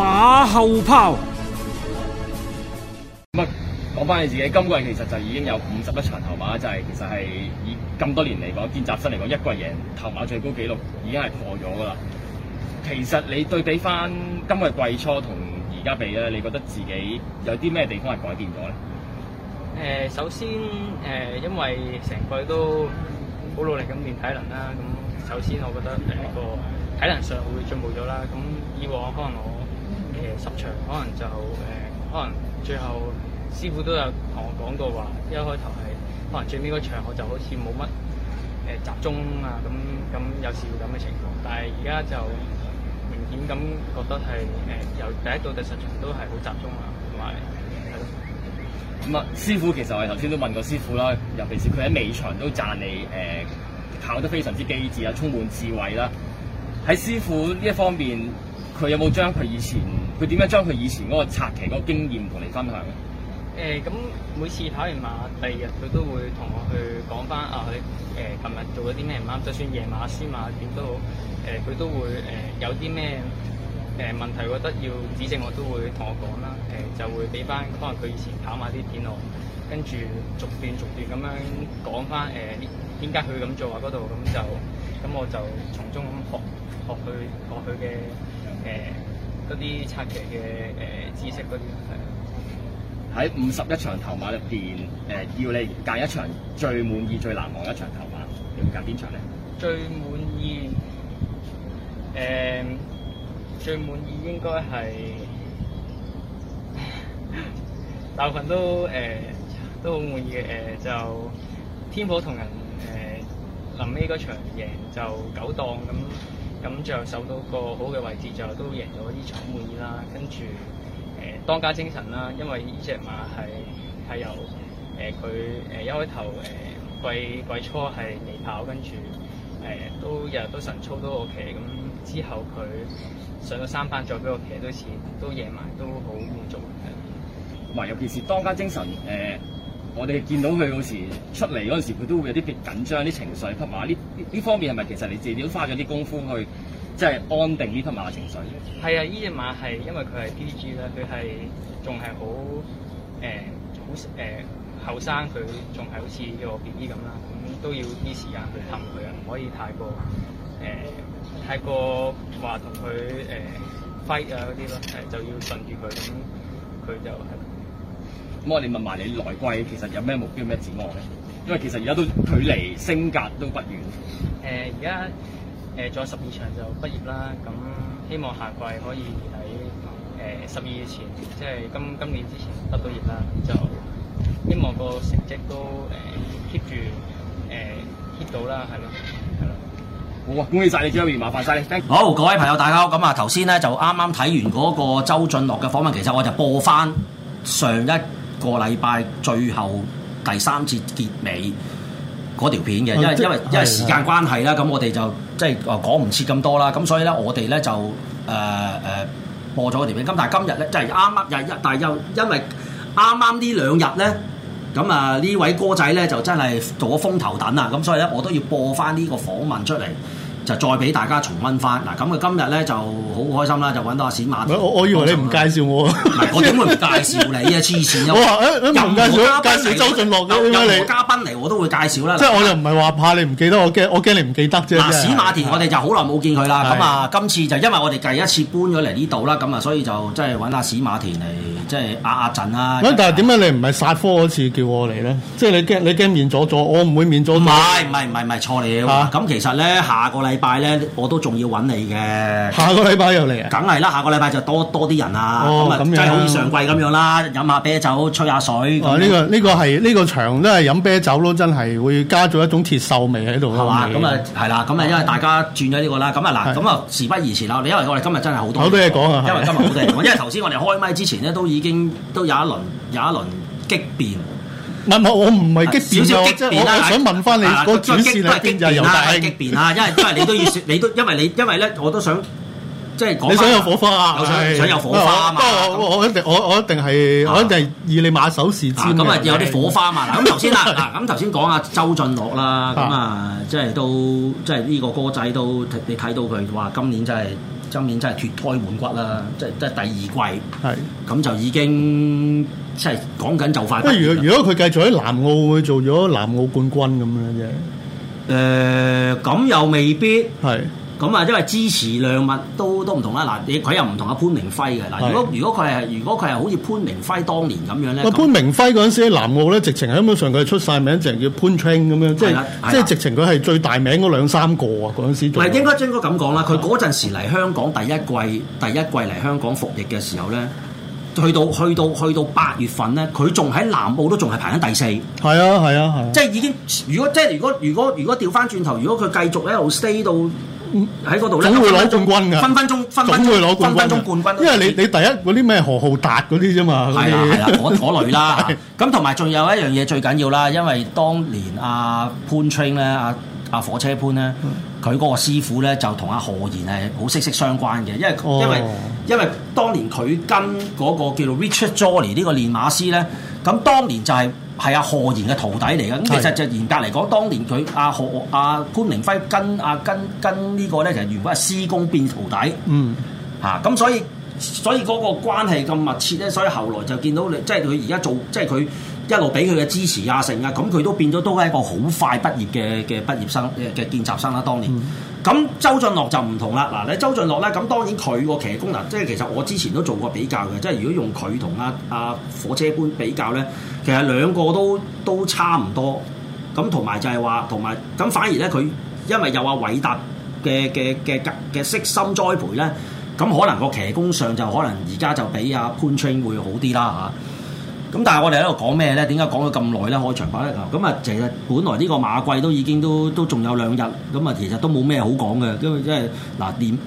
馬後炮。咁啊，講翻你自己，今季其實就已經有五十一場頭馬，就係其實係以咁多年嚟講，見習生嚟講，一季贏頭馬最高紀錄已經係破咗噶啦。其實你對比翻今季季初同而家比咧，你覺得自己有啲咩地方係改變咗咧？誒，首先誒，因為成季都好努力咁練體能啦，咁首先我覺得係一個體能上會進步咗啦。咁以往可能我誒十、呃、場可能就誒、呃，可能最後師傅都有同我講過話，一開頭係可能最尾嗰場我就好似冇乜誒集中啊，咁咁有時會咁嘅情況，但係而家就明顯咁覺得係誒、呃、由第一到第十場都係好集中啊，同埋咁啊，師傅其實我哋頭先都問過師傅啦，尤其是佢喺尾場都讚你誒、呃、考得非常之機智啦，充滿智慧啦。喺師傅呢一方面，佢有冇將佢以前佢點樣將佢以前嗰個策騎嗰個經驗同你分享咧？咁、欸、每次跑完馬，第二日佢都會同我去講翻啊，佢誒琴日做咗啲咩唔啱，就算夜馬、馬、輸馬點都好，誒佢都會誒、呃、有啲咩誒問題覺得要指正，我都會同我講啦。誒、呃、就會俾翻可能佢以前跑馬啲點我，跟住逐段逐段咁樣講翻誒。呃點解佢咁做啊？嗰度咁就咁，我就從中咁學學佢學佢嘅誒嗰啲策騎嘅誒知識嗰啲，係喺五十一場頭馬入邊，誒、呃、要你揀一場最滿意、最難忘一場頭馬，你會揀邊場咧？最滿意誒、呃，最滿意應該係大部分都誒、呃、都好滿意嘅誒、呃，就天普同人。臨尾嗰場贏就九檔咁，咁就守到個好嘅位置，就都贏咗呢場，滿意啦。跟住誒、呃、當家精神啦，因為呢隻馬係係由誒佢誒一開頭誒季季初係未跑，跟住誒、呃、都日日都晨操都我騎，咁之後佢上咗三班再俾我騎都似都贏埋都好滿足嘅。唔係、呃，尤其是當家精神誒。呃我哋見到佢有時出嚟，陣時佢都會有啲別緊張啲情緒。匹馬呢，呢方面係咪其實你自己都花咗啲功夫去，即係安定啲匹馬嘅情緒咧？係啊，呢隻馬係因為佢係 P G 啦，佢係仲係好誒好誒後生，佢仲係好似個 B B 咁啦，咁都要啲時間去氹佢啊，唔可以太過誒、呃、太過話同佢誒 fight 啊啲咯，誒就要順住佢，咁佢就係咁我哋問埋你來季其實有咩目標、咩展望咧？因為其實而家都距離升格都不遠。誒，而家誒仲有十二場就畢業啦，咁、嗯、希望下季可以喺誒十二月前，即係今今年之前畢到業啦，就希望個成績都誒 keep 住誒 keep 到啦，係咯，係咯。好啊，恭喜晒你，張一鳴，麻煩晒你。好，各位朋友，大家好。咁啊，頭先咧就啱啱睇完嗰個周俊樂嘅訪問，其實我就播翻上，上一個禮拜最後第三次結尾嗰條片嘅，因為因為因為時間關係啦，咁 我哋就即係誒講唔切咁多啦，咁所以咧我哋咧就誒誒、呃呃、播咗條片。但今但係今日咧，即係啱啱又一，但係又因為啱啱呢兩日咧，咁啊呢位哥仔咧就真係做咗風頭躉喇，咁所以咧我都要播翻呢個訪問出嚟。就再俾大家重溫翻嗱，咁啊今日咧就好開心啦，就揾到史馬田。我以為你唔介紹我，我點會唔介紹你啊？黐線！我話誒唔介紹，介紹周俊樂嘅，有我嘉賓嚟，我都會介紹啦。即係我又唔係話怕你唔記得，我驚我驚你唔記得啫。嗱，史馬田我哋就好耐冇見佢啦，咁啊今次就因為我哋第一次搬咗嚟呢度啦，咁啊所以就即係揾阿史馬田嚟即係壓壓陣啦。但係點解你唔係殺科嗰次叫我嚟咧？即係你驚你驚面阻阻，我唔會面阻。唔係唔係唔係錯你。咁其實咧下個禮。拜咧，我都仲要揾你嘅。下個禮拜又嚟啊！梗係啦，下個禮拜就多多啲人啊，咁啊，咁係好似上季咁樣啦，飲下啤酒，吹下水。呢個呢個係呢個場都係飲啤酒咯，真係會加咗一種鐵鏽味喺度咯。係嘛，咁啊，係啦，咁啊，因為大家轉咗呢個啦，咁啊嗱，咁啊事不宜遲啦。你因為我哋今日真係好多好多嘢講啊，因為今日好多嘢講，因為頭先我哋開咪之前咧，都已經都有一輪有一輪激辯。唔係，我唔係激變啊！即係我我想問翻你嗰個主線啊，激變啊，因為因為你都要你都因為你因為咧，我都想即係。你想有火花？啊。我想想有火花啊嘛！我一定我我一定係我一定以你馬首是瞻咁啊，有啲火花嘛！嗱咁頭先啦，嗱咁頭先講啊，周俊樂啦，咁啊，即係都即係呢個歌仔都你睇到佢話今年真係。今年真係脫胎換骨啦，即係即係第二季，咁係就已經即係講緊就快。不如如果佢繼續喺南澳，會做咗南澳冠軍咁樣啫。誒、呃，咁又未必。係。咁啊，因為支持量物都都唔同啦。嗱，你佢又唔同阿潘明輝嘅嗱。如果如果佢係如果佢係好似潘明輝當年咁樣咧，潘明輝嗰陣時喺南澳咧，直情係根本上佢出晒名，淨係叫潘 t r i n 咁樣，即係即係直情佢係最大名嗰兩三個啊。嗰陣時，唔係應該應該咁講啦。佢嗰陣時嚟香港第一季，第一季嚟香港服役嘅時候咧，去到去到去到八月份咧，佢仲喺南澳都仲係排緊第四。係啊係啊係。即係已經，如果即係如果如果如果調翻轉頭，如果佢繼續一路 stay 到。喺度咧，總會攞冠軍嘅，分分鐘，分分鐘，會分分鐘冠軍。因為你你第一嗰啲咩何浩達嗰啲啫嘛，係啦，係啦，嗰類啦。咁同埋仲有一樣嘢最緊要啦，因為當年阿、啊、潘 t r i n 咧，阿、啊啊、火車潘咧，佢嗰、嗯、個師傅咧就同阿何然係好息息相關嘅，因為、哦、因為因為當年佢跟嗰個叫做 Richard Jolly 呢個練馬師咧，咁當年就係、是。係啊，何然嘅徒弟嚟嘅，咁其實就嚴格嚟講，當年佢阿何阿潘明輝跟阿、啊、跟跟呢個咧，就係原本係師公變徒弟，嗯、啊，吓咁所以所以嗰個關係咁密切咧，所以後來就見到你，即係佢而家做，即係佢。一路俾佢嘅支持啊，成啊，咁佢都變咗都係一個好快畢業嘅嘅畢業生嘅嘅見習生啦、啊。當年咁、嗯，周俊樂就唔同啦。嗱，你周俊樂咧，咁當然佢個騎功嗱，即係其實我之前都做過比較嘅，即係如果用佢同阿阿火車般比較咧，其實兩個都都差唔多。咁同埋就係話，同埋咁反而咧，佢因為有阿、啊、偉達嘅嘅嘅嘅悉心栽培咧，咁可能個騎功上就可能而家就比阿、啊、潘春會好啲啦嚇。啊。咁但係我哋喺度講咩咧？點解講咗咁耐咧？開場白咧咁啊，其實本來呢個馬季都已經都都仲有兩日，咁啊其實都冇咩好講嘅，因為即係嗱連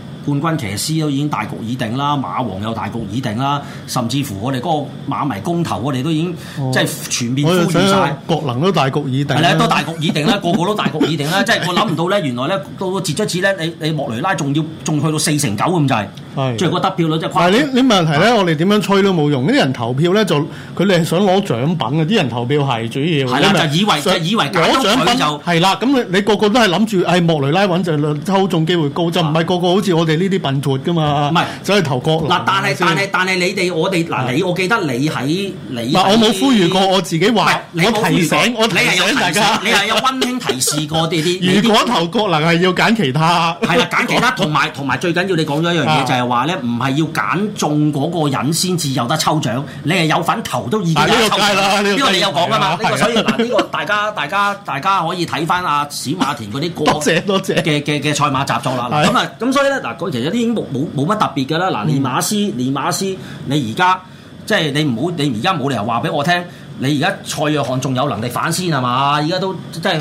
冠軍騎師都已經大局已定啦，馬王又大局已定啦，甚至乎我哋嗰個馬迷公投，我哋都已經即係、哦、全面呼籲晒，國能都大局已定，係啦，都大局已定啦，個個都大局已定啦，即係 我諗唔到咧，原來咧到截咗止咧，你你，你莫雷拉仲要仲去到四成九咁滯。係，仲有得票率就係誇，你你問題咧，我哋點樣吹都冇用，呢啲人投票咧就佢哋係想攞獎品嘅，啲人投票係主要。係啦，就以為就以為攞獎品就係啦。咁你你個個都係諗住，係莫雷拉穩就抽中機會高，就唔係個個好似我哋呢啲笨脱噶嘛。唔係就係投國。嗱，但係但係但係你哋我哋嗱你，我記得你喺你嗱我冇呼籲過我自己話，我提醒我你係有你係有溫馨提示過啲啲。如果投國能係要揀其他，係啦，揀其他同埋同埋最緊要你講咗一樣嘢就係。話咧唔係要揀中嗰個人先至有得抽獎，你係有份投都已經有得抽獎。呢個你有講噶嘛？呢個所以，呢個 大家大家大家可以睇翻阿史馬田嗰啲過嘅嘅嘅賽馬雜作啦。咁啊咁，所以咧嗱，其實啲已經冇冇冇乜特別噶啦。嗱，練馬師練馬師，你而家即係你唔好，你而家冇理由話俾我聽。你而家蔡若翰仲有能力反先係嘛？而家都即係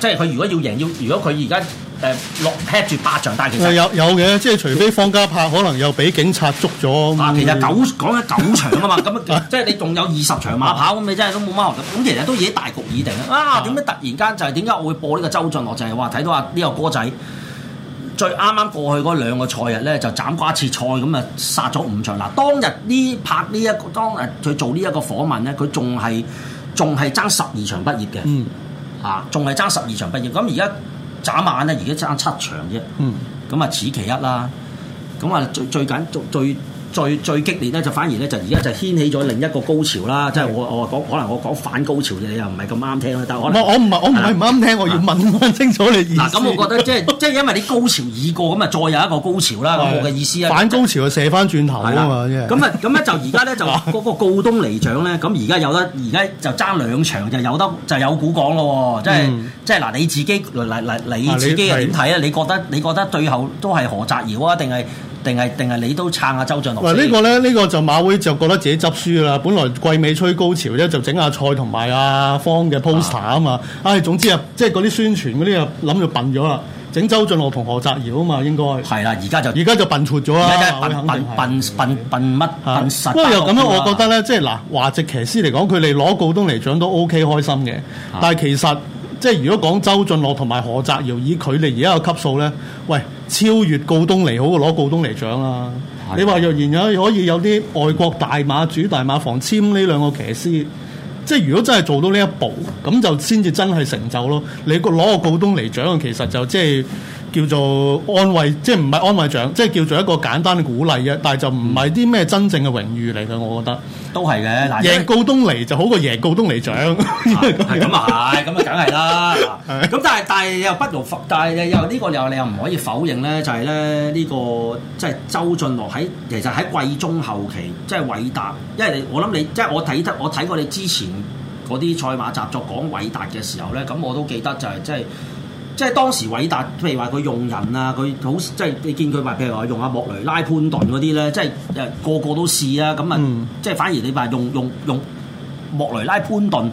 即係佢如果要贏，要如果佢而家誒落劈住八場，但係其實有有嘅，即係除非放假拍，可能又俾警察捉咗。嗱、啊，其實九講緊 九場啊嘛，咁即係你仲有二十場馬跑，咁 你真係都冇乜。咁其實都已經大局已定啊！啊，點解突然間就係點解我會播呢個周俊樂？就係、話、哇，睇到啊呢個歌仔。最啱啱過去嗰兩個賽日咧，就斬瓜切菜咁啊，就殺咗五場。嗱，當日呢拍呢一個當日，佢做呢一個訪問咧，佢仲係仲係爭十二場畢業嘅，嗯、啊，嚇仲係爭十二場畢業。咁而家斬晚咧，而家爭七場啫，嗯，咁啊此其一啦。咁啊最最緊最最。最最最激烈咧，就反而咧就而家就掀起咗另一個高潮啦！即係我我講可能我講反高潮，嘅，你又唔係咁啱聽啦。但係我唔係我唔係唔啱聽，我要問翻清楚你意思。嗱咁，我覺得即係即係因為你高潮已過，咁啊再有一個高潮啦，咁我嘅意思啊。反高潮就射翻轉頭啊嘛！咁啊咁咧就而家咧就嗰個告東尼獎咧，咁而家有得而家就爭兩場就有得就有股講咯喎！即係即係嗱你自己嚟嚟你自己又點睇咧？你覺得你覺得最後都係何澤堯啊，定係？定係定係你都撐下周俊樂？嗱，呢個咧，呢個就馬會就覺得自己執輸啦。本來季尾吹高潮咧，就整阿蔡同埋阿方嘅 poster 啊嘛。唉、啊嗯，總之啊，即係嗰啲宣傳嗰啲啊，諗就笨咗啦。整周俊樂同何澤堯啊嘛，應該係啦。而、啊、家就而家就笨闌咗啦。馬會笨笨笨笨乜？不過又咁樣，我覺得咧，即係嗱，華籍騎師嚟講，佢哋攞告東尼獎都 OK，開心嘅。但係其實。即係如果講周俊樂同埋何澤堯以佢哋而家個級數咧，喂，超越告東尼好過攞告東尼獎啦、啊！的你話若然有可以有啲外國大馬主大馬房簽呢兩個騎師，即係如果真係做到呢一步，咁就先至真係成就咯。你個攞個告東尼獎其實就即係。叫做安慰，即係唔係安慰獎，即係叫做一個簡單嘅鼓勵嘅，但係就唔係啲咩真正嘅榮譽嚟嘅，我覺得都係嘅，贏告東尼就好過贏告東尼獎，係咁啊，係咁啊，梗係啦。咁但係但係又不如，但係又呢個又你又唔可以否認咧，就係咧呢個即係周俊樂喺其實喺季中後期，即係韋達，因為你我諗你即係我睇得我睇過你之前嗰啲賽馬雜誌講韋達嘅時候咧，咁我都記得就係即係。即係當時偉達，譬如話佢用人啊，佢好即係你見佢話，譬如話用阿莫雷拉潘頓嗰啲咧，即係誒個個都試啦，咁啊，嗯、即係反而你話用用用莫雷拉潘頓，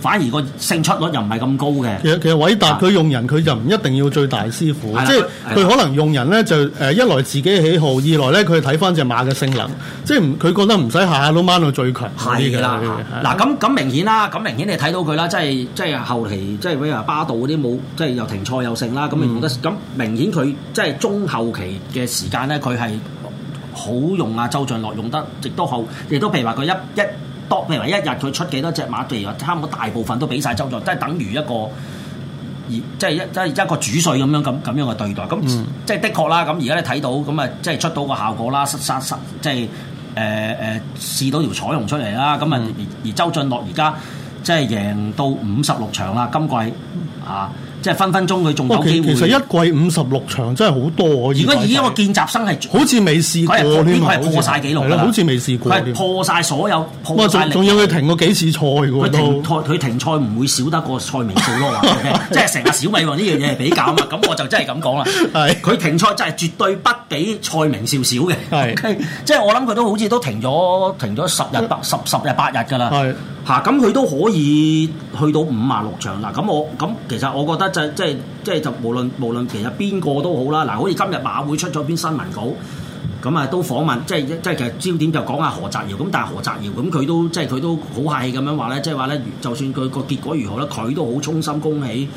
反而個勝出率又唔係咁高嘅。其實其實韋達佢用人佢就唔一定要最大師傅，的即係佢可能用人咧就誒一來自己喜好，二來咧佢睇返隻馬嘅性能，即係佢覺得唔使下下都掹到最強啲嘅。嗱咁咁明顯啦，咁明顯你睇到佢啦，即係即係後期即係比如話巴道嗰啲冇即係又停賽又勝啦，咁用得咁、嗯、明顯佢即係中後期嘅時間咧，佢係好用啊，周俊樂用得亦都好，亦都譬如話佢一一。一一一一一一多，譬如話一日佢出幾多隻馬，譬如話差唔多大部分都俾晒周俊，即係等於一個，而即係一即係一個主帥咁樣咁咁樣嘅對待，咁、嗯、即係的確啦。咁而家你睇到，咁啊即係出到個效果啦，即、呃呃、試到條彩虹出嚟啦，咁啊而而周俊樂而家即係贏到五十六場啦，今季啊。即係分分鐘佢仲有機會。其實一季五十六場真係好多。如果以一個見習生係，好似未試過，已係破晒紀錄啦。好似未試過，破晒所有，仲要佢停過幾次賽喎。佢停賽，唔會少得過蔡明少咯，即係成日小米話呢樣嘢係比較嘛。咁我就真係咁講啦。佢停賽真係絕對不比蔡明少少嘅。即係我諗佢都好似都停咗停咗十日十十日八日㗎啦。係。咁佢都可以去到五萬六場啦。咁我咁其實我覺得。即係，即係，即係就無論，無論其實邊個都好啦，嗱，好似今日馬會出咗篇新聞稿，咁啊都訪問，即係，即係，其實焦點就講下何澤堯，咁但係何澤堯，咁佢都即係，佢都好客氣咁樣話咧，即係話咧，就算佢個結果如何咧，佢都好衷心恭喜。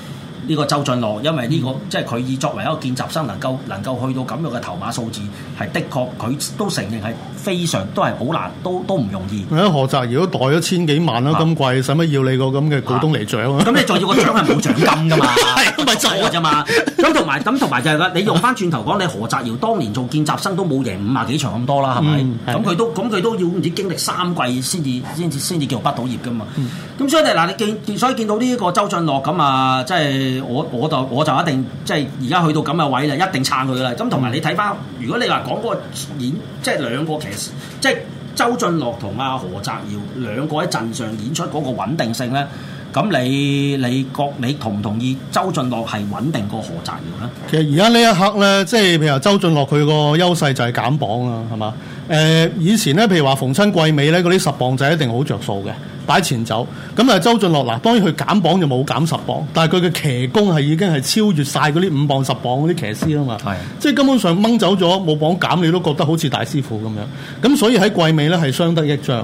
呢個周俊樂，因為呢、這個、嗯、即係佢以作為一個見習生能夠，能夠能夠去到咁樣嘅頭馬數字，係的確佢都承認係非常都係好難，都都唔容易。何澤堯都袋咗千幾萬咯，啊，今季使乜要你個咁嘅股東嚟獎啊、 嗯？咁你再要個獎係冇獎金㗎嘛？係，咁咪坐就嘛？咁同埋咁同埋就係你用翻轉頭講，你何澤堯當年做見習生都冇贏五十幾場咁多啦，係咪？咁佢、嗯、都咁佢都要唔知經歷三季先至先至先至叫畢到業㗎嘛？咁、嗯嗯、所以咧嗱，你所見所以見到呢個周俊樂咁啊，即係。我我就我就一定即係而家去到咁嘅位啦，一定撐佢啦。咁同埋你睇翻，如果你話講嗰個演，即係兩個騎士，即係周俊樂同阿何澤耀兩個喺陣上演出嗰個穩定性咧，咁你你覺你同唔同意周俊樂係穩定過何澤耀咧？其實而家呢一刻咧，即係譬如話周俊樂佢個優勢就係減磅啊，係嘛？誒、呃、以前咧，譬如話逢親季尾咧，嗰啲十磅仔一定好着數嘅，擺前走。咁啊，周俊樂嗱，當然佢減磅就冇減十磅，但係佢嘅騎功係已經係超越晒嗰啲五磅十磅嗰啲騎師啦嘛。係的，即係根本上掹走咗冇磅減，你都覺得好似大師傅咁樣。咁所以喺季尾咧係相得益彰。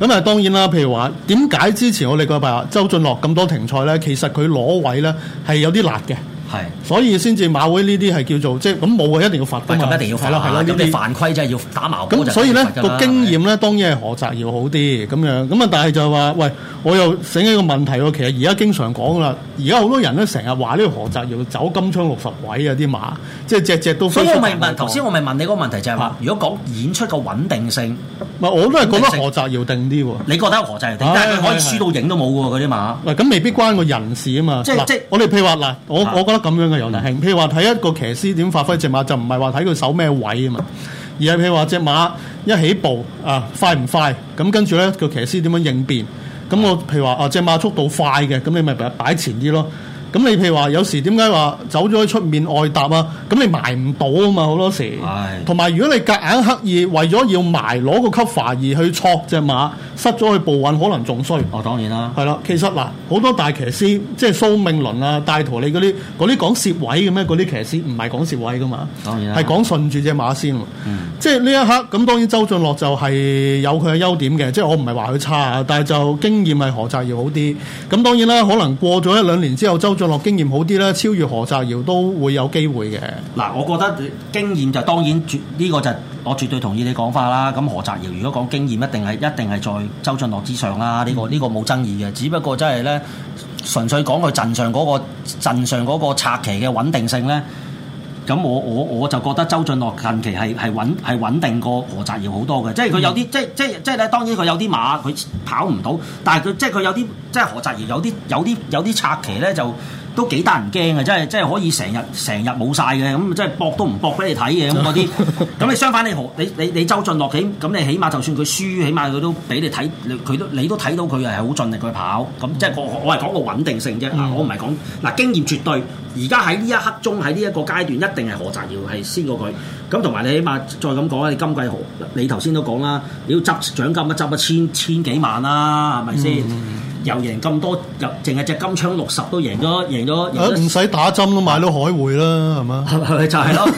咁啊、嗯，當然啦，譬如話點解之前我哋個禮拜話周俊樂咁多停賽咧？其實佢攞位咧係有啲辣嘅。係，是所以先至馬會呢啲係叫做即係咁冇啊，一定要罰分。係啦，係啦，咁你犯規就係要打矛，咁即所以咧個經驗咧是當然係何澤堯好啲咁樣。咁啊但係就係話喂，我又醒起一個問題喎，其實而家經常講啦，而家好多人咧成日話呢個何澤堯走金槍六十位啊啲馬，即係隻隻都。所以我咪問頭先，我咪問你個問題就係、是、話，是如果講演出個穩定性？唔係， 我都係覺得何澤堯定啲喎。你覺得何澤堯定，但係佢可以輸到影都冇喎嗰隻馬。咁是是 未必關個人事啊嘛。即係即係我哋譬如話嗱，我我，我覺得咁樣嘅又難聽。譬如話睇一個騎師點發揮隻馬，就唔係話睇佢守咩位啊嘛。而係譬如話隻馬一起步啊快唔快，咁、啊、跟住咧個騎師點樣應變。咁我譬如話啊，隻、啊、馬速度快嘅，咁你咪擺前啲咯。咁你譬如話，有時點解話走咗喺出面外搭啊？咁你埋唔到啊嘛，好多時。係、哎。同埋如果你夾硬刻意為咗要埋攞個 cover 而去挫隻馬，失咗去步運可能仲衰。哦，當然啦。係啦，其實嗱，好多大騎師即係蘇銘倫啊、戴圖理嗰啲，啲講蝕位嘅咩？嗰啲騎師唔係講蝕位噶嘛，係講順住隻馬先。嗯、即係呢一刻，咁當然周俊樂就係有佢嘅優點嘅，即係我唔係話佢差，啊，但係就經驗係何澤堯好啲。咁當然啦，可能過咗一兩年之後，周周俊樂經驗好啲啦，超越何澤堯都會有機會嘅。嗱，我覺得經驗就當、是、然，呢、這個就是、我絕對同意你講法啦。咁何澤堯如果講經驗，一定係一定係在周俊樂之上啦。呢、嗯這個呢、這個冇爭議嘅，只不過真係咧，純粹講佢陣上嗰、那個陣上嗰個拆旗嘅穩定性咧。咁我我我就覺得周俊樂近期係係穩係穩定過何澤堯好多嘅，即係佢有啲、嗯、即即即咧，當然佢有啲馬佢跑唔到，但係佢即係佢有啲即係何澤堯有啲有啲有啲策騎咧就，都幾得人驚啊！即係真係可以成日成日冇晒嘅，咁即係博都唔博俾你睇嘅咁啲。咁你相反，你何你你你周俊樂起咁你起碼就算佢輸，起碼佢都俾你睇，佢都你都睇到佢係好盡力去跑。咁即係我我係講個穩定性啫。嗯、我唔係講嗱經驗絕對。而家喺呢一刻鐘喺呢一個階段，一定係何澤耀係先過佢。咁同埋你起碼再咁講，你今季你頭先都講啦，你要執獎金都執啊千千幾萬啦、啊，係咪先？嗯又贏咁多，又淨係隻金槍六十都贏咗，贏咗，唔使、啊、打針都買到海匯啦，係嘛？咪就係咯？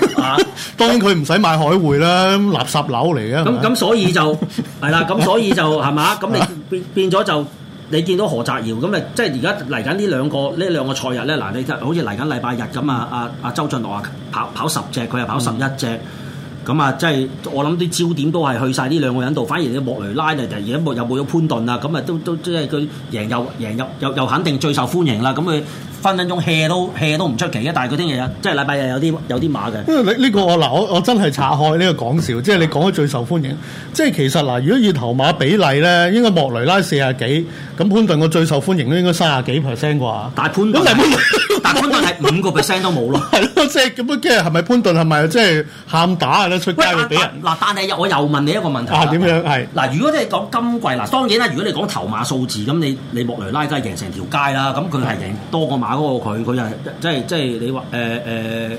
當然佢唔使買海匯啦，垃圾樓嚟嘅。咁咁、 啊、所以就係啦，咁所以就係嘛？咁你變、啊、變咗就你見到何澤耀咁你即係而家嚟緊呢兩個呢兩個賽日咧嗱，你好似嚟緊禮拜日咁啊！阿、啊、阿周俊樂跑跑十隻，佢又跑十一隻。嗯。咁啊，即係我諗啲焦點都係去晒呢兩個人度，反而嘅莫雷拉就突然間又冇咗潘頓啦、啊，咁啊都都即係佢贏又贏入又又，又肯定最受歡迎啦，咁佢分分鐘 hea 都 hea 都唔出奇嘅，但係佢聽日有即係禮拜日有啲有啲馬嘅。呢呢個我嗱我我真係拆開呢個講笑，即係你講嘅最受歡迎，即係其實嗱，如果以頭馬比例咧，應該莫雷拉四廿幾，咁潘頓個最受歡迎都應該三廿幾 percent 啩，但係潘頓。 潘頓係五個 percent 都冇咯、 嗯，係咯，即係咁樣！即係係咪潘頓係咪即係喊打啊？出街會俾人嗱，但係我又問你一個問題，點、啊、樣係？嗱，如果你係講今季嗱，當然啦，如果你講頭馬數字咁，你你莫雷拉梗係贏成條街啦，咁佢係贏多馬個馬嗰個佢，佢又即係即係你話誒誒，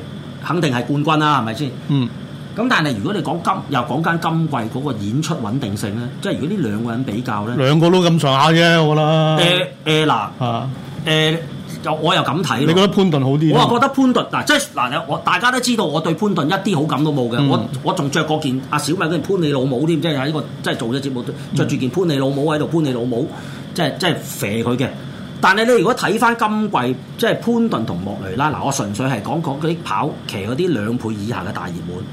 肯定係冠軍啦，係咪先？嗯。咁但係如果你講今又講緊今季嗰個演出穩定性咧，即係如果呢兩個人比較咧，兩個都咁上下啫，我覺得。誒誒嗱啊、欸又我又咁睇你覺得潘頓好啲？我又覺得潘頓嗱，即係嗱，我大家都知道，我對潘頓一啲好感都冇嘅、嗯，我我仲着嗰件阿小米嗰件潘你老母添，即係喺一個即係做咗節目，着住件潘你老母喺度潘你老母，即係即係射佢嘅。但係你如果睇翻今季，即係潘頓同莫雷拉。嗱，我純粹係講講嗰啲跑騎嗰啲兩倍以下嘅大熱門。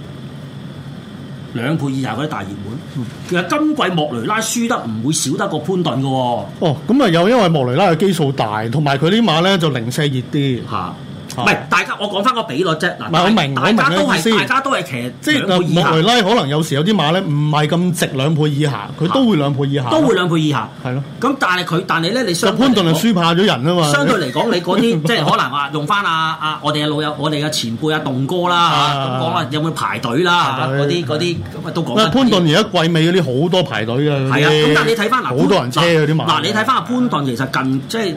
兩倍以下嗰啲大熱門，嗯、其實今季莫雷拉輸得唔會少得過潘頓嘅喎。哦，咁啊又因為莫雷拉嘅基數大，同埋佢啲馬咧就零舍熱啲嚇。唔係，大家我講翻個比率啫。嗱，大家都係大家都係騎即係莫雷拉，可能有時有啲馬咧唔係咁值兩倍以下，佢都會兩倍以下，都會兩倍以下，係咯。咁但係佢，但係咧，你相潘頓就輸怕咗人啊嘛。相對嚟講，你嗰啲即係可能話用翻啊，阿我哋嘅老友，我哋嘅前輩啊，棟哥啦嚇，咁講啦，有冇排隊啦嗰啲啲咁啊都講。潘頓而家季尾嗰啲好多排隊啊。係啊，咁但係你睇翻嗱，好多人車啲馬。嗱你睇翻阿潘頓，其實近即係。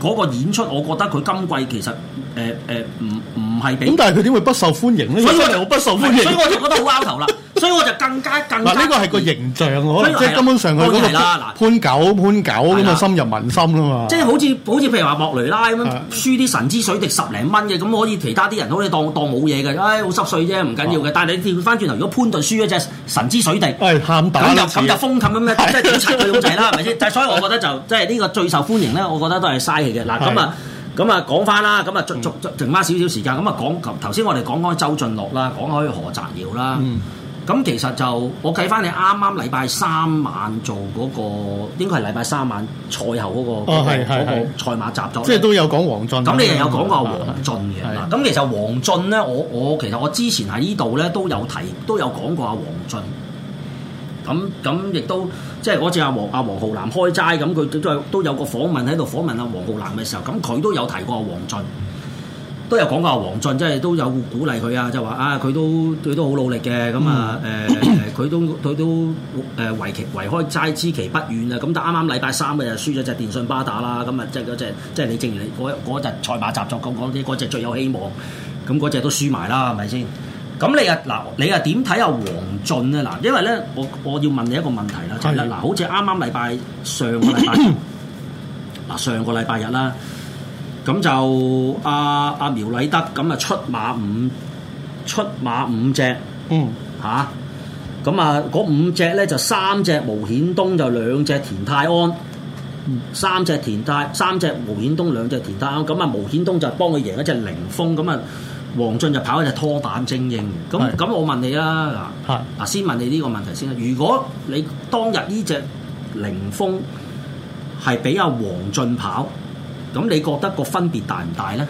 嗰個演出，我覺得佢今季其實誒誒唔唔。呃呃唔係咁，但係佢點會不受歡迎咧？所以我哋好不受歡迎，所以我就覺得好拗頭啦。所以我就更加更嗱，呢個係個形象喎，即係根本上佢嗰個潘九，潘九，咁啊，深入民心啦嘛。即係好似好似譬如話莫雷拉咁樣，輸啲神之水滴十零蚊嘅，咁可以其他啲人好似當當冇嘢嘅，唉，好濕碎啫，唔緊要嘅。但係你調翻轉頭，如果潘頓輸一隻神之水滴，喊就咁就風冚咁咩，即係整七個窿仔啦，係咪先？所以，我覺得就即係呢個最受歡迎咧，我覺得都係嘥氣嘅嗱。咁啊。咁啊，講翻啦，咁啊，盡盡盡剩翻少少時間，咁啊，講頭先我哋講開周俊樂啦，講開何澤堯啦，咁、嗯、其實就我計翻你啱啱禮拜三晚做嗰、個，應該係禮拜三晚賽後嗰、個嗰、哦、個賽馬集作，即係都有講黃俊。咁你又有講過黃俊嘅，咁其實黃俊咧，我我其實我之前喺呢度咧都有提，都有講過阿黃俊。咁咁亦都即係嗰隻阿黃阿黃浩南開齋咁，佢都都有個訪問喺度訪問阿黃浩南嘅時候，咁佢都有提過阿黃俊，都有講過阿黃俊，即係都有鼓勵佢、就是、啊，就話啊佢都佢都好努力嘅，咁啊誒佢都佢都誒為其為開齋之期不遠啊。咁但啱啱禮拜三嘅就輸咗隻電信巴打啦，咁啊即係嗰隻即係你正如你嗰嗰日賽馬雜作講講啲嗰隻最有希望，咁嗰隻都輸埋啦，係咪先？咁你啊，嗱，你又點睇阿黃俊咧？嗱，因為咧，我我要問你一個問題啦，是的 就係、是、嗱，好似啱啱禮拜上個禮拜嗱上個禮拜日啦，咁就阿阿、啊啊啊、苗禮德咁啊出馬五出馬五隻，嗯、啊，嚇，咁啊嗰五隻咧就三隻毛顯東就兩隻田泰安，嗯、三隻田泰三隻毛顯東兩隻田泰安，咁啊毛顯東就幫佢贏一隻凌風，咁啊。王黃就跑一隻拖膽精英，咁咁是我問你啦，嗱是，嗱先問你呢個問題先啦。如果你當日呢隻凌風係俾阿王黃跑，咁你覺得個分別大唔大咧？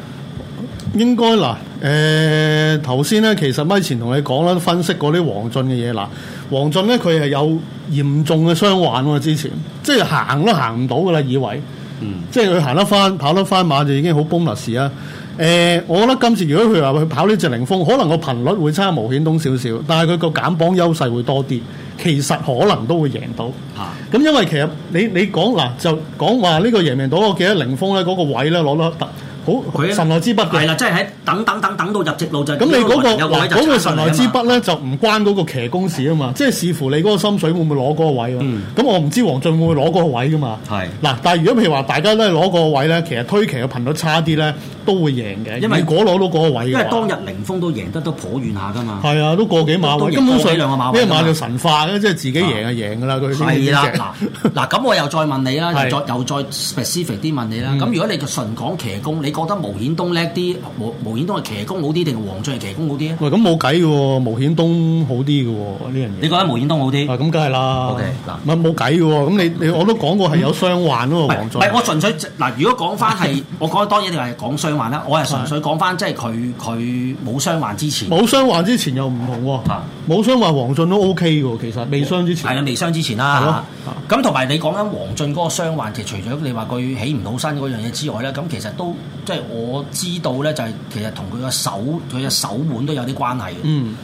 應該嗱，誒頭先咧，其實咪前同你講啦，分析嗰啲王黃嘅嘢嗱，王黃咧佢係有嚴重嘅傷患喎、啊，之前即係行都行唔到㗎喇，以為，嗯、即係佢行得翻，跑得翻馬就已經好 bonus 啦事啊！誒、呃，我覺得今次如果佢話去跑呢隻零封，可能個頻率會差無險東少少，但係佢個減磅優勢會多啲，其實可能都會贏到。嚇、啊！咁因為其實你你講嗱、啊，就講話呢個贏唔贏到，我記得零封咧嗰個位咧攞得特。好，神來之筆嘅係啦，即係喺等等等等到入直路就咁你嗰個神來之筆咧就唔關嗰個騎功事啊嘛，即係視乎你嗰個心水會唔會攞嗰個位啊？咁我唔知黃俊會唔會攞嗰個位噶嘛？係嗱，但係如果譬如話大家都係攞個位咧，其實推騎嘅頻率差啲咧都會贏嘅，因為果攞到嗰個位，因為當日凌峰都贏得都頗遠下噶嘛，係啊，都過幾碼位，根本上一碼就神化啦，即係自己贏就贏噶啦，都啦，嗱嗱，咁我又再問你啦，又再又再 specific 啲問你啦，咁如果你就純講騎功，你覺得毛顯東叻啲，毛毛顯東係騎功好啲定黃俊係騎功好啲啊？喂，咁冇計嘅喎，毛顯東好啲嘅喎呢樣嘢。你覺得毛顯東好啲？係咁、啊，梗係啦。O K 嗱，咪冇計嘅喎，咁你你我都講過係有傷患咯。黃、嗯、俊唔我純粹嗱，如果講翻係，我覺得當然定係講傷患啦！我係純粹講翻即係佢佢冇傷患之前。冇傷患之前又唔同喎、啊。 冇傷話黃俊都 OK 喎，其實未傷之前係啊，未傷之前啦。咁同埋你講緊黃俊嗰個傷患，其實除咗你話佢起唔到身嗰樣嘢之外咧，咁其實都即係我知道咧，就係其實同佢個手佢隻手腕都有啲關係嘅。嗯，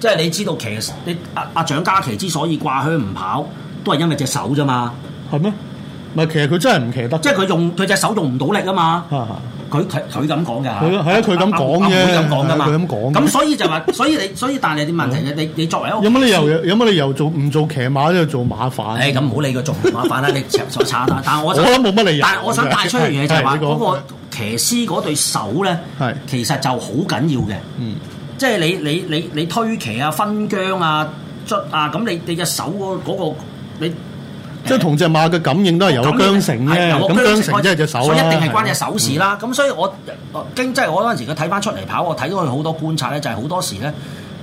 即係你知道其實你阿阿蔣嘉琦之所以掛靴唔跑，都係因為隻手啫嘛。係咩？唔係，其實佢真係唔騎得，即係佢用佢隻手用唔到力啊嘛。 佢佢佢咁講嘅嚇，啊，係啊，佢咁講嘅，阿阿會咁講噶嘛，佢咁講。咁所以就話，所以你所以但係啲問題你你作為一個有乜理由，有乜理由做唔做騎馬，即係做馬飯？誒，咁唔好理佢做唔馬飯啦，你食就慘啦。但係我我諗冇乜理由。但係我想帶出嚟嘢就係話，嗰個騎師嗰對手咧，係其實就好緊要嘅。嗯，即係你你你你推棋啊、分將啊、卒啊，咁你你隻手嗰個你。即係同隻馬嘅感應都係有個韁繩咧，咁韁繩即係隻手，所以一定係關隻手事啦。咁所以我經即係我嗰陣時，佢睇翻出嚟跑，我睇到佢好多觀察咧，就係好多時咧，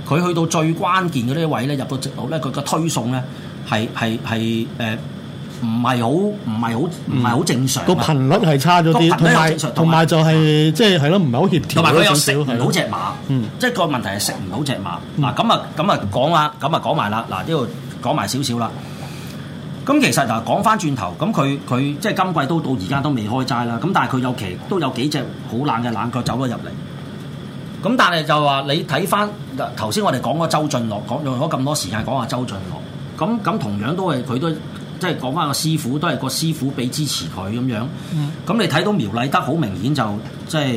佢去到最關鍵嘅呢一位咧，入到直路咧，佢嘅推送咧係係係誒，唔係好唔係好唔係好正常。個頻率係差咗啲，同埋同埋就係即係係咯，唔係好協調。同埋佢食唔到隻馬，即係個問題係食唔到隻馬。嗱咁啊咁啊講啦，咁啊講埋啦，嗱呢度講埋少少啦。咁其實啊，講翻轉頭，咁佢佢即係今季都到而家都未開齋啦。咁但係佢有期都有幾隻好冷嘅冷腳走咗入嚟。咁但係就話你睇翻頭先，我哋講嗰周俊樂講用咗咁多時間講下周俊樂。咁咁同樣都係佢都即係講翻個師傅，都係個師傅俾支持佢咁樣。咁、嗯、你睇到苗禮德好明顯就即、是、係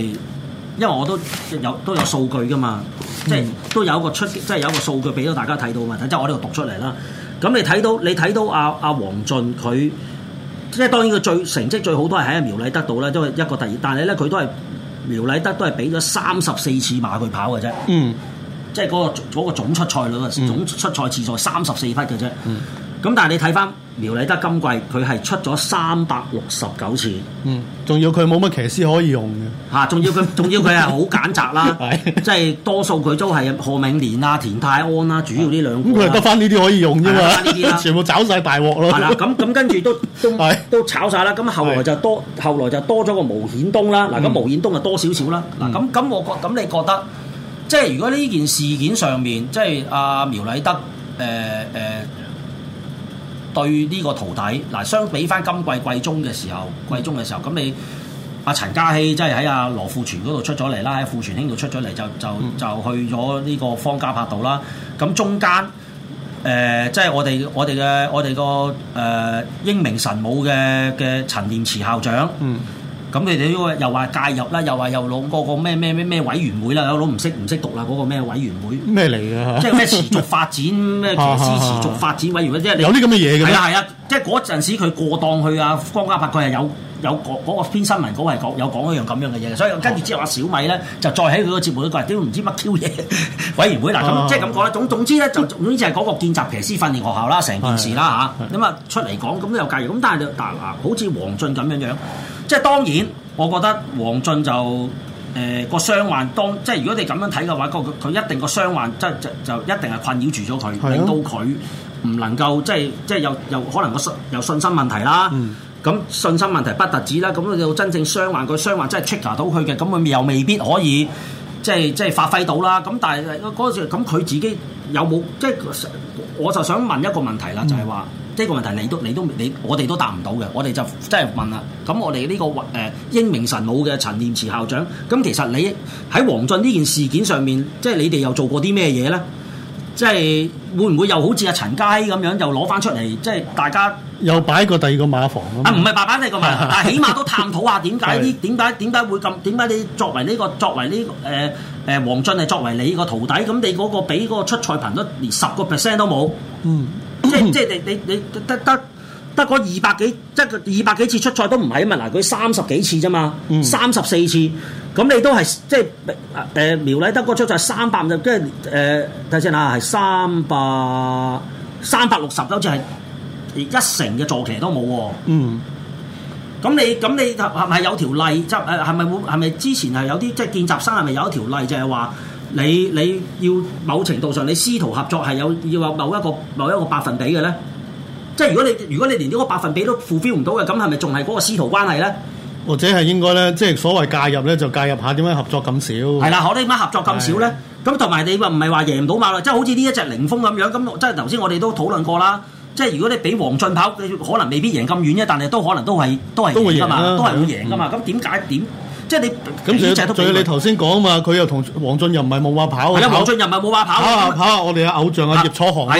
因為我都有都有數據㗎嘛，嗯、即係都有一個出即係有一個數據俾到大家睇到嘛。即係我呢度讀出嚟啦。咁你睇到你睇到阿、啊、阿、啊、王俊佢，即係當然佢最成績最好都係喺苗禮德度啦，都係一個第二，但係咧佢都係苗禮德，都係俾咗三十四次馬佢跑嘅啫，嗯，即係嗰、嗰個嗰、嗰個、總出賽率啊，嗯、總出賽次數三十四匹嘅啫，嗯，咁但係你睇翻。苗禮德今季佢係出咗三百六十九次，嗯，仲要佢冇乜騎師可以用嘅，嚇，仲要佢，仲要佢係好揀擇啦，即係多數佢都係何明年啊、田泰安啊，主要呢兩，咁佢得返呢啲可以用啫嘛，全部炒晒大鑊咯，係啦，咁咁跟住都都都炒晒啦，咁後來就多後來就多咗個毛顯東啦，嗱，咁毛顯東就多少少啦，嗱，咁咁我覺咁你覺得，即係如果呢件事件上面，即係阿苗禮德，誒誒。對呢個徒弟，嗱，相比翻今季季中嘅時候，季中嘅時候，咁你阿陳嘉熙即係喺阿羅富全嗰度出咗嚟啦，喺富、嗯、全兄度出咗嚟，就就就去咗呢個方家柏道啦。咁中間，誒即係我哋我哋嘅我哋個誒英明神武嘅嘅陳念慈校長。嗯咁佢哋嗰個又話介入啦，又話又老個個咩咩咩咩委員會啦，有老唔識唔識讀啦嗰個咩委員會？咩嚟嘅？嗰個、即係咩持續發展咩 騎師持續發展委員會？即係有啲咁嘅嘢嘅。係啊係啊，即係嗰陣時佢過檔去啊方家柏，佢係有有、嗰個篇、嗰個、新聞稿係講有講一樣咁樣嘅嘢，所以跟住之後阿小米咧就再喺佢個節目嗰度都唔知乜 Q 嘢委員會嗱咁即係咁講啦。總總之咧就總之係嗰個見習騎師訓練學校啦，成件事啦吓，咁啊出嚟講咁又介入。咁但係嗱嗱好似黃俊咁樣樣。即係當然，我覺得黃俊就誒、呃、個傷患當，即係如果你咁樣睇嘅話，個佢一定個傷患即係就就，就一定係困擾住咗佢，的令到佢唔能夠即係即係有有可能個信有信心問題啦。咁、嗯、信心問題不特止啦，咁到真正傷患個傷患真係 trigger 到佢嘅，咁佢又未必可以即係即係發揮到啦。咁但係嗰時咁佢自己有冇即係我就想問一個問題啦，就係、是、話。嗯呢個問題你都你都你我哋都答唔到嘅，我哋就真係問啦。咁、嗯、我哋呢、呢個運、呃、英明神武嘅陳念慈校長，咁、嗯、其實你喺黃俊呢件事件上面，即係你哋又做過啲咩嘢咧？即係會唔會又好似阿陳家希咁樣又攞翻出嚟？即係大家又擺個第二個馬房啊？唔係擺擺第二個馬房， 起碼都探討下點解呢？點解點解會咁？點解你作為呢、呢個作為呢、呢個誒誒黃俊係作為你個徒弟，咁你嗰個俾嗰個出賽頻率連十個 percent 都冇？嗯。即即你你你得得得二百幾即二百幾次出賽都唔係嘛。嗱，佢三十幾次啫嘛，三十四次，咁你都係即誒苗禮德哥出賽三百五十，即誒睇先啊，係三百三百六十，都好似係一成嘅坐騎都冇喎。嗯，咁你咁你係咪有條例，即誒係咪會係咪之前係有啲即見習生係咪有一條例就係話？你你要某程度上，你師徒合作係有要話某一個某一個百分比嘅咧，即係如果你如果你連呢個百分比都 fulfil 唔到嘅，咁係咪仲係嗰個師徒關係咧？或者係應該咧，即係所謂介入咧，就介入下點解合作咁少？係啦，可點解合作咁少咧？咁同埋你話唔係話贏唔到馬啦，即係好似呢一隻凌風咁樣，咁即係頭先我哋都討論過啦。即係如果你俾黃俊跑，你可能未必贏咁遠啫，但係都可能都係都係都會贏啊，都係會贏噶嘛。咁點解點？嗯即係你，再你頭先講啊嘛，佢又同黃俊又唔係冇話跑，黃俊又唔係冇話跑，跑啊！我哋嘅偶像啊葉楚航啊，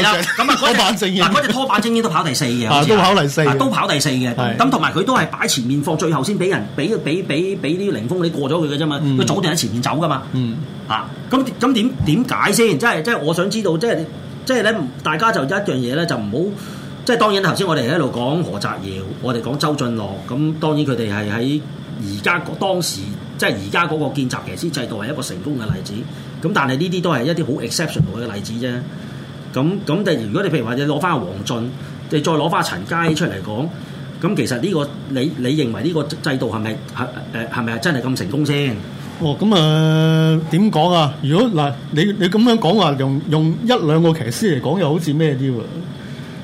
拖板精英，嗰隻拖板精英都跑第四嘅，都跑第四，都跑第四嘅。咁同埋佢都係擺前面放，最後先俾人俾俾俾俾啲凌風你過咗佢嘅啫嘛，佢早定喺前面走噶嘛。啊，咁咁點點解先？即係即係我想知道，即係即係咧，大家就一樣嘢咧，就唔好即係當然頭先我哋係一路講何澤堯，我哋講周俊樂，咁當然佢哋係喺。而家嗰當時即係而家嗰個見習騎師制度係一個成功嘅例子，咁但係呢啲都係一啲好 exceptional 嘅例子啫。咁咁，但係如果你譬如話你攞翻阿黃俊，你再攞翻陳佳出嚟講，咁其實呢、呢個你你認為呢個制度係咪係誒係咪真係咁成功先？哦，咁啊點講啊？如果嗱、呃，你你咁樣講話、啊、用用一兩個騎師嚟講，又好似咩啲喎？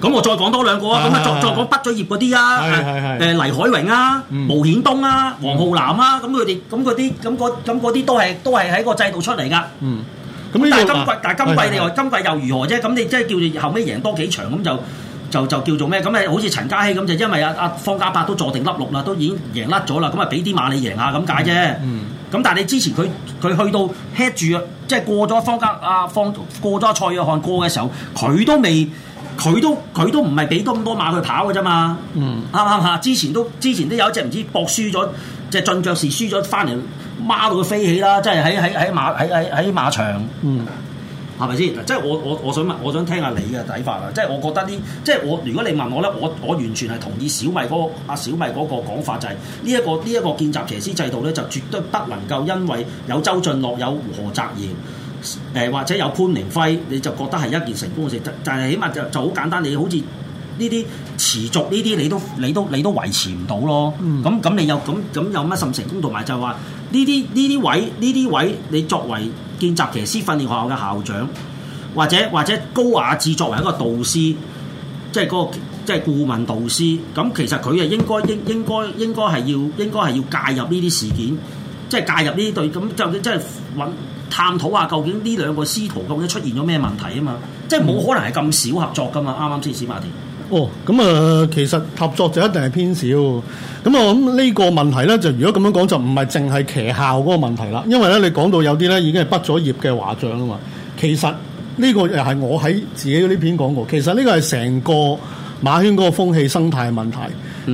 咁我再講多兩個啊！咁係啊，再再講畢咗業嗰啲啊，誒黎海榮啊、嗯、毛顯東啊、黃浩南啊，咁佢哋咁嗰啲咁咁啲都係都係喺個制度出嚟㗎。嗯，咁、呢個、但係今季，但係今季你話、啊、今季又如何啫？咁你即係叫做後尾贏多幾場咁就就就，就叫做咩？咁誒，好似陳嘉熙咁就因為啊阿方嘉柏都坐定粒六啦，都已經贏甩咗啦，咁啊俾啲馬你贏啊，咁解啫。嗯，咁但係你之前佢佢去到 head 住、即係，啊，即係過咗方嘉，阿方過咗蔡約翰過嘅時候，佢都未。嗯佢都佢都唔係俾咁多馬去跑嘅啫嘛，啱唔啱啊？之前都之前都有一隻唔知博輸咗，即係進爵士輸咗，翻嚟孖到佢飛起啦！即係喺喺喺馬喺喺喺馬場，係咪先？即係我我我想問，我想聽下你嘅睇法啊！即係我覺得啲，即係我如果你問我咧，我我完全係同意小米嗰、那、阿、個、小米嗰個講法，就係呢一個呢一、這個見習騎師制度咧，就絕對不能夠因為有周俊樂有何澤堯。誒，或者有潘寧輝，你就覺得係一件成功嘅事，但係起碼就就好簡單，你好似呢啲持續呢啲，你都你都你都維持唔到咯。咁咁、嗯、你有咁咁有乜甚成功？同埋就話呢啲呢啲位呢啲位，你作為見習騎師訓練學校嘅校長，或者或者高雅志作為一個導師，即係嗰個即係顧問導師，咁其實佢啊應該應應該應該係要應該係要介入呢啲事件，即係介入呢對咁究竟即係揾。探討下究竟呢兩個師徒究竟出現咗咩問題啊嘛，嗯、即係冇可能係咁少合作噶嘛，啱啱先史馬田。哦，咁啊、呃，其實合作就一定係偏少。咁啊，我諗呢個問題咧，就如果咁樣講，就唔係淨係騎校嗰個問題啦。因為咧，你講到有啲咧已經係畢咗業嘅華將啊嘛。其實呢、呢個又係我喺自己呢篇講過，其實呢個係成個馬圈嗰個風氣生態問題。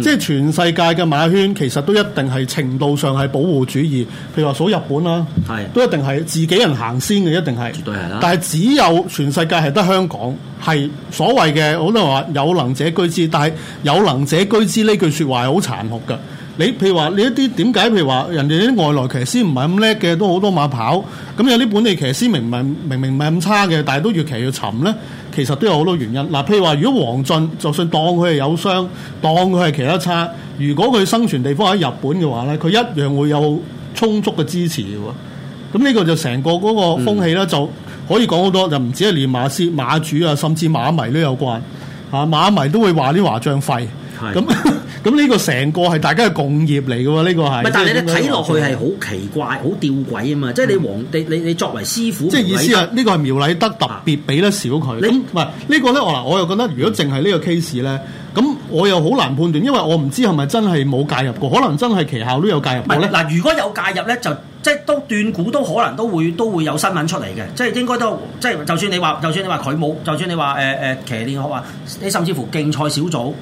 即係、嗯、全世界嘅馬圈，其實都一定係程度上係保護主義，譬如話數日本啦、啊，的都一定係自己人行先嘅，一定係。絕對係啦。但係只有全世界係得香港係所謂嘅，好多人話有能者居之，但係有能者居之呢句説話係好殘酷㗎。你譬如話你一啲，點解，譬如話人哋啲外來騎師唔係咁叻嘅都好多馬跑，咁有啲本地騎師明唔係明明唔係咁差嘅，但係都越騎越沉咧，其實都有好多原因。嗱、啊，譬如話如果黃俊，就算當佢係有傷，當佢係騎得差，如果佢生存地方喺日本嘅話咧，佢一樣會有充足嘅支持。咁呢個就成個嗰個風氣咧，嗯、就可以講好多，就唔止係連馬師、馬主啊，甚至馬迷都有關。啊，馬迷都會話啲華將廢。咁咁呢個成個係大家嘅共業嚟嘅喎，呢、這個係。但係是你睇落去係好奇怪、好、嗯、吊詭啊嘛！即係你皇，你你你作為師傅，即係是意思係呢、這個係苗禮德特別俾、啊、得少佢。唔係你 呢個咧，我我又覺得如果淨係呢個 case 咧，咁我又好難判斷，因為我唔知係咪真係冇介入過，可能真係旗下都有介入過。唔係嗱，如果有介入咧，就即係都斷估，都可能都會都會有新聞出嚟嘅，即係應該都即係就算你話，就算你話佢冇，就算你話誒誒騎練可話，你甚至乎競賽小組。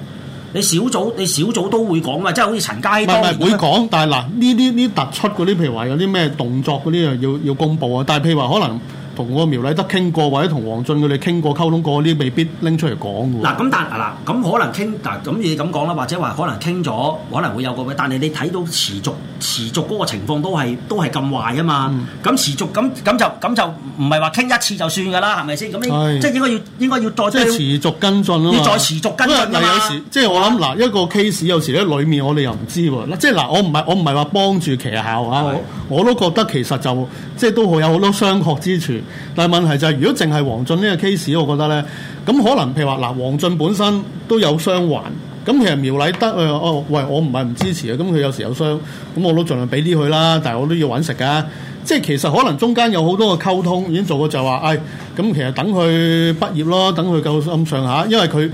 你小組你小組都會講啊，即係好似陳佳當時，唔係唔係會講，但係嗱呢啲呢突出嗰啲，如譬如話有啲咩動作嗰啲啊，要要公佈啊，但係譬如話可能。同我苗禮德傾過，或者同黃進佢哋傾過溝通過，呢啲未必拎出嚟講喎。嗱咁但係嗱，咁可能傾嗱咁嘢咁講啦，或者話可能傾咗，可能會有個位，但係你睇到持續持續嗰個情況都係都係咁壞啊嘛。咁、嗯、持續咁咁就咁就唔係話傾一次就算㗎啦，係咪先？咁即係應該要應該要再對，即係持續跟進啊要再持續跟進。因為嗱，有時即係我諗嗱，啊、一個 case 有時喺裏面我、啊，我哋又唔知喎。即係嗱，我唔係是我唔係話幫住其下，啊是，我都覺得其實就即係都會有好多商榷之處。但係問題就係、是，如果淨係黃俊呢個 case，我覺得咧，咁可能譬如話嗱，黃俊本身都有傷患，咁其實苗禮德誒，哦、呃，喂，我唔係唔支持啊，咁佢有時有傷，咁我都盡量俾啲佢啦，但係我都要搵食㗎，即係其實可能中間有好多個溝通已經做過就，就話唉，咁其實等佢畢業咯，等佢夠咁上下，因為佢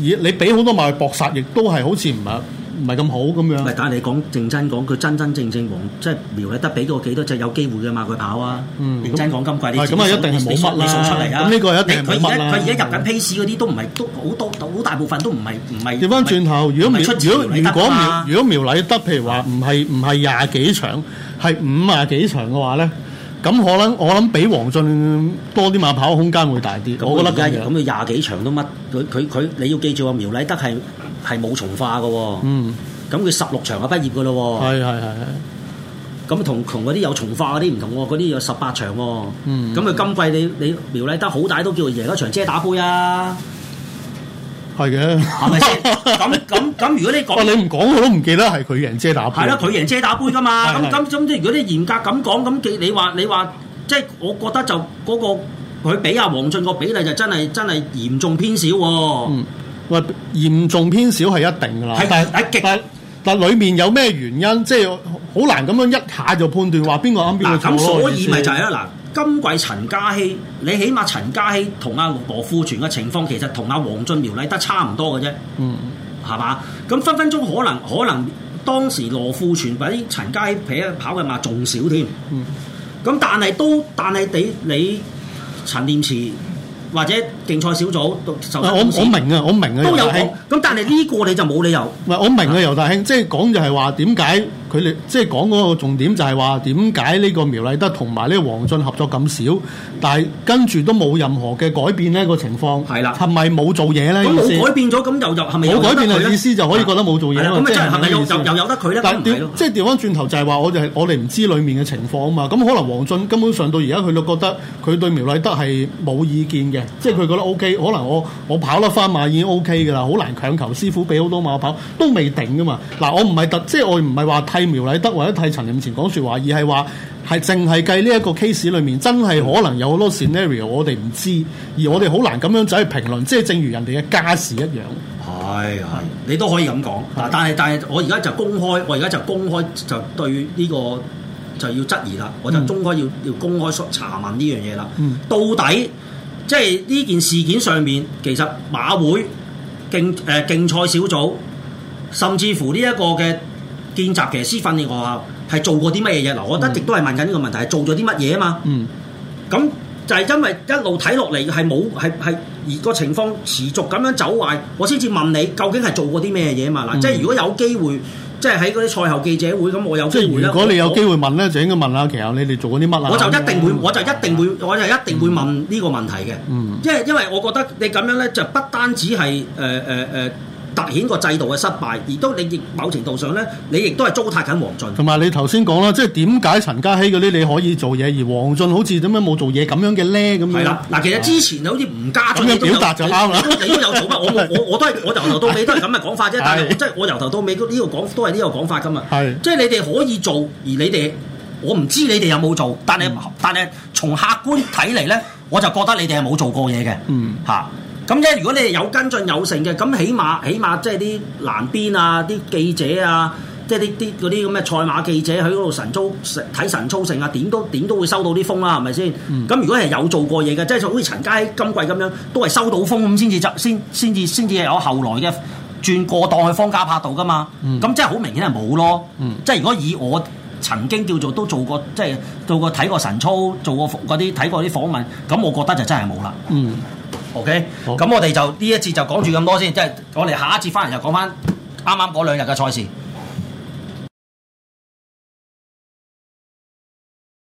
以你俾好多賣去搏殺，亦都係好似唔係。唔係咁好咁樣。唔係，但係你講正真講，佢真真正正黃，即係苗禮德俾到幾多隻有機會嘅嘛。佢跑啊？嗯。正真講金塊啲咁啊，一定係冇乜出嚟啊。咁呢個一定佢而家，佢而家入緊 p a 嗰啲都唔係，都好多好大部分都唔係唔係。掉翻轉頭，如果如果如果苗，苗禮德，譬如話唔係唔係廿幾場，係五啊幾場嘅話咧，咁可能我諗比黃俊多啲馬跑空間會大啲。我覺得係啊。咁佢廿幾場都乜？佢佢佢你要記住啊！苗禮德係。係冇從化嘅，嗯，咁佢十六場啊畢業嘅咯，係係係，咁同同嗰啲有從化嗰啲唔同喎，嗰啲有十八場喎，嗯，咁佢今季你你苗禮得好大都叫做贏咗場遮打杯啊，係嘅，係咪先？咁咁咁，如果你講，啊、你唔講我都唔記得係佢贏遮打杯，係咯，佢贏遮打杯噶嘛，咁咁咁即如果你嚴格咁講咁，你你話你話，即係我覺得就嗰個佢比阿黃俊個比例就真係真係嚴重偏少喎。喂，嚴重偏少係一定噶啦，的但係但係但係裡面有咩原因？即係好難咁樣一下就判斷話邊個啱邊咁，所以咪就係、是、啦，嗱、啊，今季陳家熙，你起碼陳家熙同阿羅富全嘅情況其實同阿黃俊苗禮德差唔多嘅啫，嗯，係嘛？咁分分鐘可能可能當時羅富全比陳家熙撇跑嘅馬仲少添，嗯、啊，咁但係都但係你你，你陳念慈。或者競賽小組，我我明啊，我明啊，尤達兄都有限。咁但係呢個你就冇理由。我明啊，尤達兄，即係講就係話點解？佢哋即係講嗰個重點就係話點解呢個苗禮德同埋呢個黃俊合作咁少，但係跟住都冇任何嘅改變呢個情況。係啦的，係咪冇做嘢咧？咁冇改變咗，咁又又係咪冇改變嘅意思就可以覺得冇做嘢？係啊，咪真係係咪又又又有得佢咧？但係但即係調翻轉頭就係話，我就我哋唔知裡面嘅情況啊嘛。咁可能黃俊根本上到而家佢都覺得佢對苗禮德係冇意見嘅，的即係佢覺得 O K。可能我我跑得翻馬已經 O K 㗎啦，好難強求師傅俾好多馬跑都未定㗎嘛。嗱，我唔係特即係我唔係話替苗禮德或者替陳任前講說話，而係話係淨係計呢一個 case 裏面，真係可能有好多 scenario，我哋唔知，而我哋好難咁樣走去評論。即、就、係、是、正如人哋嘅家事一樣，係係，你都可以咁講嗱。但係但係，我而家就公開，我而家就公開就對呢、這個就要質疑啦。我就中開要、嗯、要公開查查問呢樣嘢啦。嗯、到底即係呢件事件上面，其實馬會競誒、呃、競賽小組，甚至乎呢一個嘅。見習騎師訓練學校係做過啲乜嘢嘢？嗱，我一直都係問緊呢個問題，係做咗啲乜嘢啊嘛。咁、嗯、就係因為一路睇落嚟，係冇係係而個情況持續咁樣走壞，我先至問你究竟係做過啲咩嘢嘛？嗱、嗯，即係如果有機會，即係喺嗰啲賽後記者會咁，我有機會即係如果你有機會問咧，就應該問下騎友，你哋做過啲乜啊？我就一定會，我就一定會，嗯、我就一定會問呢個問題嘅。嗯、即係因為我覺得你咁樣咧，就不單止係誒誒誒。呃呃呃凸顯個制度嘅失敗，而都你亦某程度上咧，你亦都係糟蹋緊黃俊。同埋你頭先講啦，即係點解陳家熙嗰啲你可以做嘢，而黃俊好似點樣冇做嘢咁樣嘅咧？咁樣係啦。嗱，其實之前好似唔吳家俊都有，你都有做乜？ 我我我都係我由頭到尾都係咁嘅講法啫。 是的 但啊。即係我由頭到尾呢個講都係呢個講法噶嘛。係。是的 即係你哋可以做，而你哋我唔知你哋有冇做，但係、嗯、但係從客觀睇嚟咧，我就覺得你哋係冇做過嘢嘅。嗯。嚇～咁即如果你係有跟進有成嘅，咁起碼起碼即係啲欄邊啊、啲記者啊，即係啲啲嗰啲咁嘅賽馬記者喺嗰度神操睇神操成啊，點都點都會收到啲風啦、啊，係咪先？咁、嗯、如果係有做過嘢嘅，即係好似陳佳今季咁樣，都係收到風咁先至先先至先至有後來嘅轉過檔去方嘉柏到噶嘛？咁、嗯、即係好明顯係冇咯。嗯、即係如果以我曾經叫做都做過，即係做過睇過神操，做過嗰啲睇過啲訪問，咁我覺得就真係冇啦。嗯嗯。OK，咁好我哋就呢一次就講住咁多先，即係我哋下一次返嚟就講返啱啱嗰兩日嘅賽事。